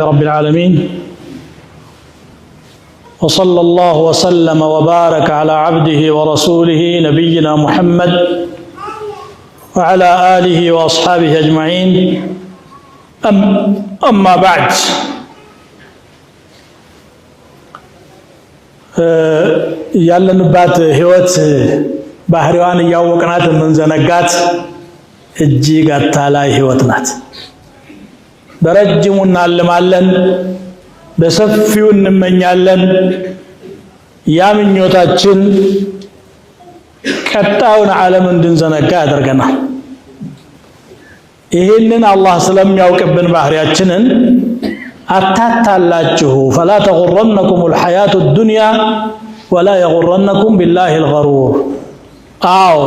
رب العالمين وصلى الله وسلم وبارك على عبده ورسوله نبينا محمد وعلى آله وأصحابه أجمعين أم أما بعد يلا نبات هوت بحريوان يوقنات من زنقات አታላይ تالاي هوتنات በረጅሙ እናልማለን፣ በሰፊው እንመኛለን። ያ ምኞታችን ቀጣዩን ዓለም እንድንዘነጋ ያደርገናል። ይህንን አላህ ስለሚያውቅብን ባህሪያችንን አታታላችሁ። ፈላ ተጉረነኩም ልሐያቱ ዱንያ ወላ የጉረነኩም ቢላሂ ልገሩር። አዎ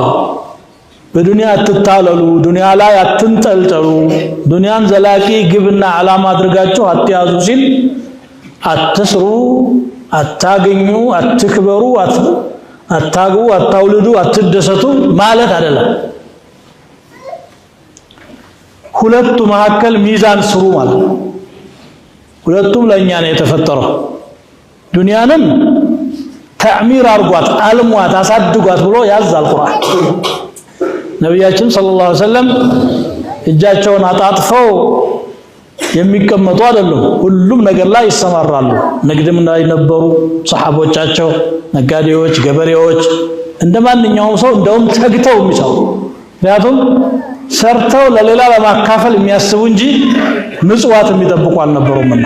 በዱንያ አትታለሉ፣ ዱንያ ላይ አትንጠልጠሉ፣ ዱንያን ዘላቂ ግብና ዓላማ አድርጋችሁ አትያዙ ሲል አትስሩ፣ አታገኙ፣ አትክበሩ፣ አታግቡ፣ አታውልዱ፣ አትደሰቱ ማለት አይደለም። ሁለቱ መካከል ሚዛን ስሩ ማለት ነው። ሁለቱም ለእኛ ነው የተፈጠረው። ዱንያንም ተዕሚር አርጓት፣ አልሟት፣ አሳድጓት ብሎ ያዛል ቁርአን። ነቢያችን ሰለላሁ ዐለይሂ ወሰለም እጃቸውን አጣጥፈው የሚቀመጡ አይደሉም። ሁሉም ነገር ላይ ይሰማራሉ። ንግድም ላይ ነበሩ ሰሐቦቻቸው፣ ነጋዴዎች፣ ገበሬዎች፣ እንደ ማንኛውም ሰው እንደውም ተግተው የሚሰሩ ምክንያቱም ሰርተው ለሌላ ለማካፈል የሚያስቡ እንጂ ምጽዋት የሚጠብቁ አልነበሩምና።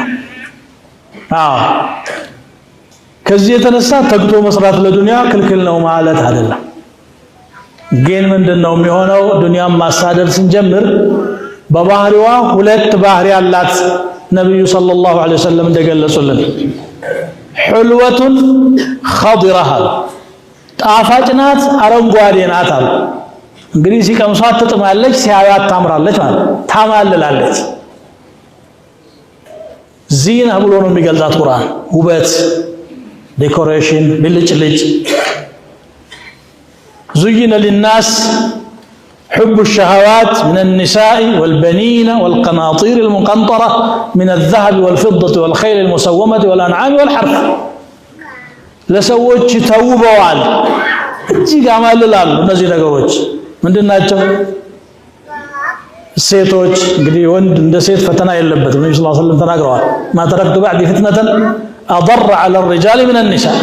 አዎ ከዚህ የተነሳ ተግቶ መስራት ለዱንያ ክልክል ነው ማለት አይደለም። ግን ምንድን ነው የሚሆነው? ዱንያም ማሳደድ ስንጀምር በባህሪዋ ሁለት ባህሪ አላት። ነቢዩ ሰለላሁ ዐለይሂ ወሰለም እንደገለጹልን ሑልወቱን ኸድራሃ ጣፋጭ ናት፣ አረንጓዴ ናት አሉ። እንግዲህ ሲቀምሷት ትጥማለች፣ ሲያዩት ታምራለች ማለት ታማልላለች። ዚና ብሎ ነው የሚገልጻት ቁርአን፣ ውበት ዴኮሬሽን፣ ብልጭልጭ زين للناس حب الشهوات من النساء والبنين والقناطير المقنطرة من الذهب والفضة والخيل المسومة والأنعام والحرث لسووش توبوال እጅግ ያማልላሉ እነዚህ ነገሮች ምንድን ናቸው ሴቶች እንግዲህ ወንድ እንደ ሴት ፈተና የለበትም ነቢ ስ ስለም ተናግረዋል ما تركت ባዕድ فتنة أضر على الرجال من النساء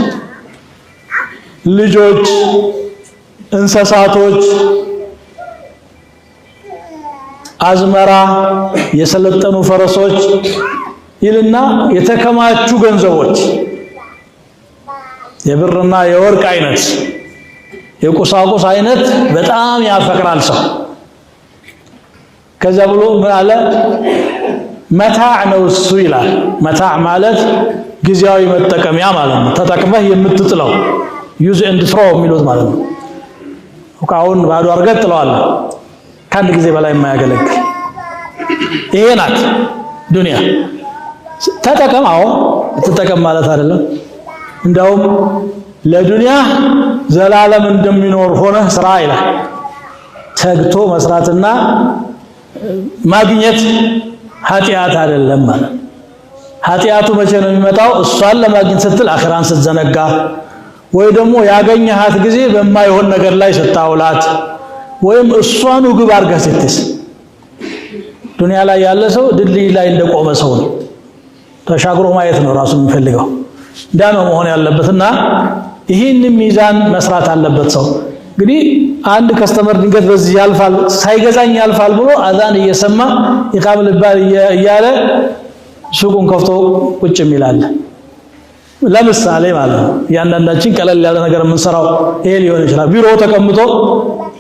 لجوج እንስሳቶች፣ አዝመራ፣ የሰለጠኑ ፈረሶች ይልና የተከማቹ ገንዘቦች የብርና የወርቅ አይነት የቁሳቁስ አይነት በጣም ያፈቅራል ሰው። ከዛ ብሎ ምን አለ መታዕ ነው እሱ ይላል። መታዕ ማለት ጊዜያዊ መጠቀሚያ ማለት ነው። ተጠቅመህ የምትጥለው ዩዝ ኤንድ ትሮ የሚሉት ማለት ነው። ሁቃውን ባዶ አድርገህ ጥለዋለህ። ከአንድ ጊዜ በላይ የማያገለግል ይሄ ናት ዱንያ። ተጠቀም፣ አዎ ተጠቀም ማለት አይደለም። እንደውም ለዱንያ ዘላለም እንደሚኖር ሆነህ ስራ ይላል። ተግቶ መስራትና ማግኘት ኃጢአት አይደለም ማለት። ኃጢአቱ መቼ ነው የሚመጣው? እሷን ለማግኘት ስትል አኺራን ስትዘነጋ ወይ ደግሞ ያገኘሃት ጊዜ በማይሆን ነገር ላይ ስታውላት ወይም እሷን ግብ አድርገህ ስትስ ዱንያ ላይ ያለ ሰው ድልድይ ላይ እንደቆመ ሰው ነው። ተሻግሮ ማየት ነው ራሱ የሚፈልገው። እንዳ ነው መሆን ያለበትና ይህን ሚዛን መስራት አለበት ሰው። እንግዲህ አንድ ከስተመር ድንገት በዚህ ያልፋል ሳይገዛኝ ያልፋል ብሎ አዛን እየሰማ ኢቃም ልባል እያለ ሱቁን ከፍቶ ቁጭ የሚላለ ለምሳሌ ማለት ነው እያንዳንዳችን ቀለል ያለ ነገር የምንሰራው ይሄ ሊሆን ይችላል። ቢሮ ተቀምጦ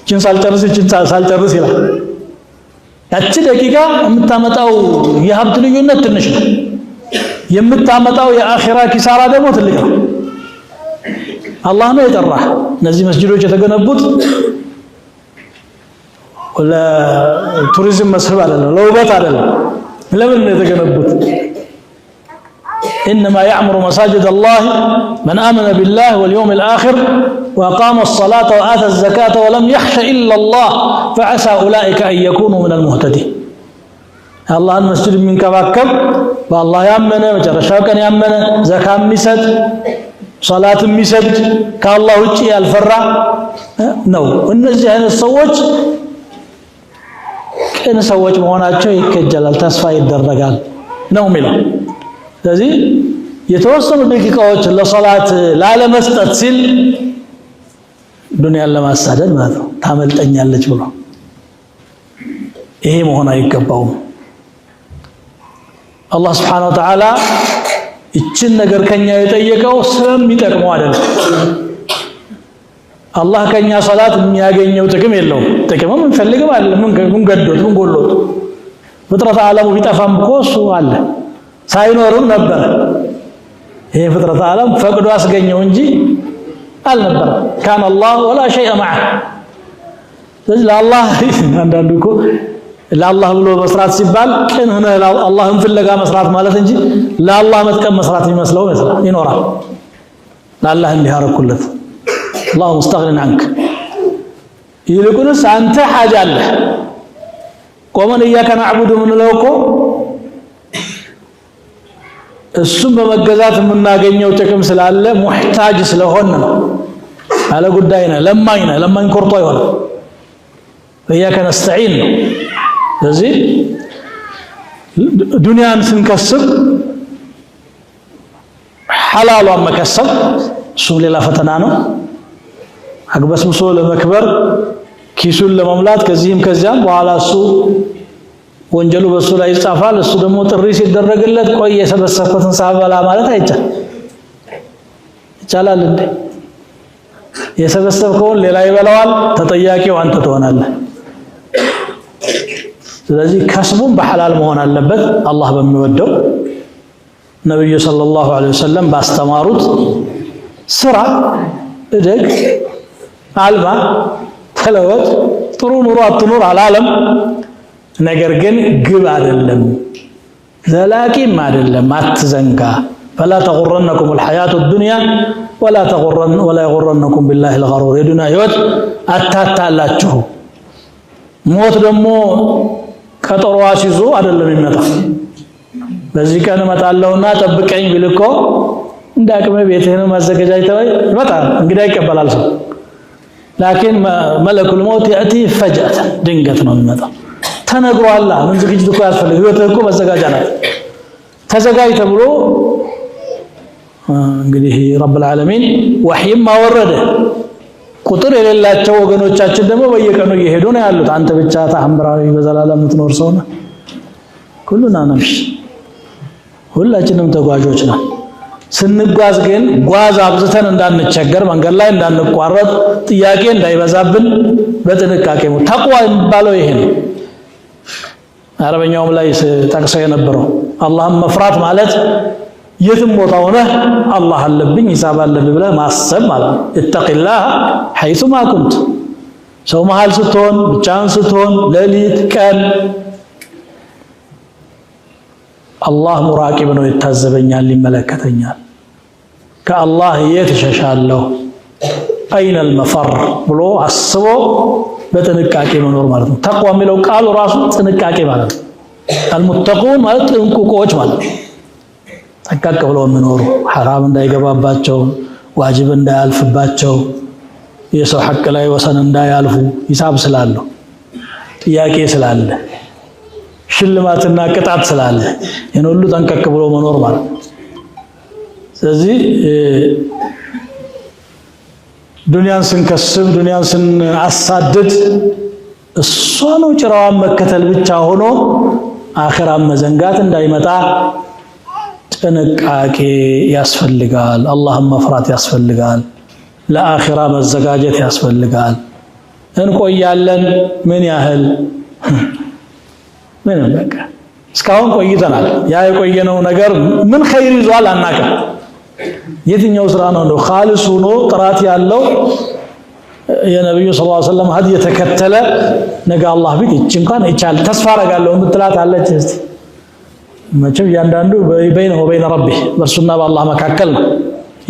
ችን ሳልጨርስ ችን ሳልጨርስ ይላል። ያቺ ደቂቃ የምታመጣው የሀብት ልዩነት ትንሽ ነው። የምታመጣው የአኺራ ኪሳራ ደግሞ ትልቅ ነው። አላህ ነው የጠራህ። እነዚህ መስጅዶች የተገነቡት ለቱሪዝም መስህብ አይደለም፣ ለውበት አይደለም። ለምን ነው የተገነቡት? إنما يعمر مساجد الله من آمن بالله واليوم الآخر وأقام الصلاة وآتى الزكاة ولم يخش إلا الله فعسى أولئك أن يكونوا من المهتدين الله المسجد من كباكب والله يأمن شوكا يأمن زكاة مسد صلاة مسد كالله وجه الفرع نو እነዚህ አይነት الصوت كان ሰዎች መሆናቸው ይከጀላል ተስፋ ይደረጋል نو ملو ስለዚህ የተወሰኑ ደቂቃዎች ለሶላት ላለመስጠት ሲል ዱንያን ለማሳደድ ማለት ነው። ታመልጠኛለች ብሎ ይሄ መሆን አይገባውም። አላህ ስብሓነሁ ወተዓላ ይችን ነገር ከኛ የጠየቀው ስለሚጠቅመው አይደለም። አላህ ከኛ ሶላት የሚያገኘው ጥቅም የለውም። ጥቅምም እንፈልግም አይደለም። ምን ገዶት ምን ጎሎት ፍጥረት ዓለሙ ቢጠፋም እኮ እሱ አለ። ሳይኖርም ነበረ። ይህ ፍጥረት ዓለም ፈቅዶ አስገኘው እንጂ አልነበረ። ካነ አላህ ወላ ሸይአ መዐ። ስለዚህ ለአላህ አንዳንዱ እኮ ለአላህ ብሎ መስራት ሲባል ቅን ሆነ አላህን ፍለጋ መስራት ማለት እንጂ ለአላህ መጥቀም መስራት የሚመስለው ይኖራል። ለአላህ እንዲህ አረኩለት አላሁ ሙስተግኒን አንክ። ይልቁንስ አንተ ሓጅ አለህ። ቆመን እያከ ናዕቡድ ምንለው እኮ እሱም በመገዛት የምናገኘው ጥቅም ስላለ ሙሕታጅ ስለሆን ነው። አለ ጉዳይ ነህ፣ ለማኝ ነህ። ለማኝ ኮርቶ አይሆንም። እያከ ነስተዒን ነው። ስለዚህ ዱንያን ስንከስብ ሐላሏን መከሰብ እሱም ሌላ ፈተና ነው። አግበስብሶ ለመክበር ኪሱን ለመሙላት ከዚህም ከዚያም በኋላ እሱ ወንጀሉ በእሱ ላይ ይጻፋል። እሱ ደግሞ ጥሪ ሲደረግለት ቆይ የሰበሰብኩትን ሳበላ ማለት አይቻል ይቻላል እንዴ? የሰበሰብከውን ሌላ ይበላዋል፣ ተጠያቂው አንተ ትሆናለህ። ስለዚህ ከስቡም በሐላል መሆን አለበት። አላህ በሚወደው ነብዩ ሰለላሁ ዐለይሂ ወሰለም ባስተማሩት ስራ እደግ፣ አልማ፣ ተለወጥ፣ ጥሩ ኑሮ አትኑር አላለም። ነገር ግን ግብ አይደለም፣ ዘላቂም አይደለም። አትዘንጋ። ፈላ ተጉረነኩም አልሐያቱ ዱንያ ወላ የጉረነኩም ቢላሂ ልገሩር። የዱንያ ህይወት አታታላችሁ። ሞት ደግሞ ቀጠሮዋ አስይዞ አይደለም የሚመጣ። በዚህ ቀን እመጣለሁና ጠብቀኝ ቢል እኮ እንደ አቅሜ ቤትህን ማዘገጃጅተህ ይመጣል። እንግዲህ ይቀበላል ሰው። ላኪን መለኩል ሞት የእቲ ፈጅአተን ድንገት ነው የሚመጣው። ተነግሯላ። ምን ዝግጅት እኮ ያስፈልግ፣ ህይወት እኮ መዘጋጃ ናት። ተዘጋጅ ተብሎ እንግዲህ ረብል ዓለሚን ወሕይም አወረደ። ቁጥር የሌላቸው ወገኖቻችን ደግሞ በየቀኑ እየሄዱ ነው ያሉት። አንተ ብቻ ተአምራዊ በዘላለም የምትኖር ሰው ነህ። ኩሉና ነምሽ፣ ሁላችንም ተጓዦች ነን። ስንጓዝ ግን ጓዝ አብዝተን እንዳንቸገር፣ መንገድ ላይ እንዳንቋረጥ፣ ጥያቄ እንዳይበዛብን በጥንቃቄ ተቅዋ የሚባለው ይሄ ነው። አረበኛውም ላይ ጠቅሰው የነበረው አላህን መፍራት ማለት የትም ቦታ ሆነ አላህ አለብኝ ሂሳብ አለብኝ ብለህ ማሰብ ማለት ነው። እተቂላህ ሐይቱማ ሰው መሃል ስትሆን፣ ብቻህን ስትሆን፣ ሌሊት ቀን አላህ ሙራቂብ ነው፣ ይታዘበኛል፣ ይመለከተኛል። ከአላህ የት እሸሻለሁ? አይነል መፈር ብሎ አስቦ በጥንቃቄ መኖር ማለት ነው። ተቋ የሚለው ቃሉ ራሱ ጥንቃቄ ማለት ነው። አልሙተቁን ማለት ጥንቁቆች ማለት ነው። ጠንቀቅ ብለው የሚኖሩ ሐራም እንዳይገባባቸው፣ ዋጅብ እንዳያልፍባቸው፣ የሰው ሐቅ ላይ ወሰን እንዳያልፉ፣ ሂሳብ ስላለው ጥያቄ ስላለ ሽልማትና ቅጣት ስላለ ይህን ሁሉ ጠንቀቅ ብሎ መኖር ማለት ነው። ስለዚህ ዱንያን ስንከስብ፣ ዱንያን ስናሳድድ እሷኑ ጭራዋን መከተል ብቻ ሆኖ አኺራን መዘንጋት እንዳይመጣ ጥንቃቄ ያስፈልጋል። አላህን መፍራት ያስፈልጋል። ለአኺራ መዘጋጀት ያስፈልጋል። እንቆያለን። ምን ያህል ምንም በቃ እስካሁን ቆይተናል። ያ የቆየነው ነገር ምን ኸይር ይዟል አናውቅም። የትኛው ስራ ነው ነው ኻልስ ሆኖ ጥራት ያለው የነብዩ ሰለላሁ ዐለይሂ ወሰለም ሀዲ የተከተለ ነገ አላህ ቤት እቺ እንኳን ይቻል ተስፋ አረጋለሁ የምትላት አለች። እስቲ መቼም እያንዳንዱ በይነ ወበይነ ረቢ በእርሱና በአላህ መካከል ነው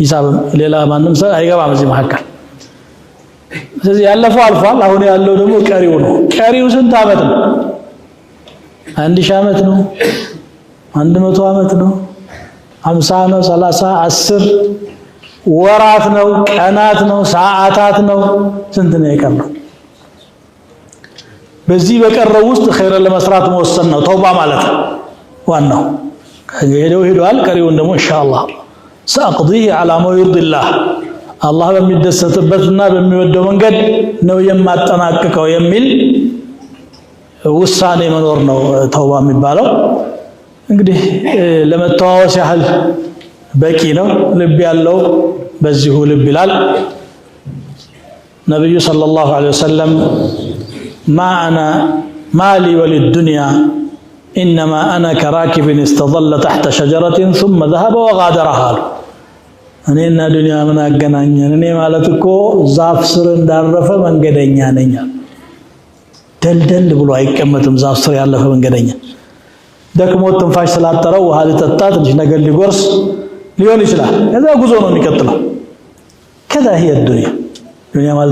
ሂሳብ። ሌላ ማንም ሰው አይገባም እዚህ መካከል። ስለዚህ ያለፈው አልፏል። አሁን ያለው ደግሞ ቀሪው ነው። ቀሪው ስንት ዓመት ነው? አንድ ሺህ ዓመት ነው? አንድ መቶ ዓመት ነው? አምሳ ነው፣ ሰላሳ አስር ወራት ነው፣ ቀናት ነው፣ ሰዓታት ነው። ስንት ነው የቀረው? በዚህ በቀረው ውስጥ ኸይረን ለመስራት መወሰን ነው ተውባ ማለት ነው ዋናው። ሄደው ሄደዋል። ቀሪውን ደግሞ ኢንሻአላህ ሰአቅዲህ ዐላ ማ አላህ በሚደሰትበትና በሚወደው መንገድ ነው የማጠናቅቀው የሚል ውሳኔ መኖር ነው ተውባ የሚባለው። እንግዲህ ለመተዋወስ ያህል በቂ ነው። ልብ ያለው በዚሁ ልብ ይላል። ነቢዩ ሰለላሁ ዐለይሂ ወሰለም ማ አና ማሊ ወሊዱንያ ኢነማ አና ከራኪብን እስተዘለ ተሕተ ሸጀረትን ثመ ዘሀበ ወጋደረሃ አሉ። እኔና ዱንያ ምን አገናኘን? እኔ ማለት እኮ ዛፍ ስር እንዳረፈ መንገደኛ ነኝ። ደልደል ብሎ አይቀመጥም ዛፍ ስር ያለፈ መንገደኛ ደክሞ ትንፋሽ ስላጠረው ውሃ ሊጠጣ ትንሽ ነገር ሊጎርስ ሊሆን ይችላል። ከዛ ጉዞ ነው የሚቀጥለው። ከዛ ይሄ ዱንያ ዱንያ ማለት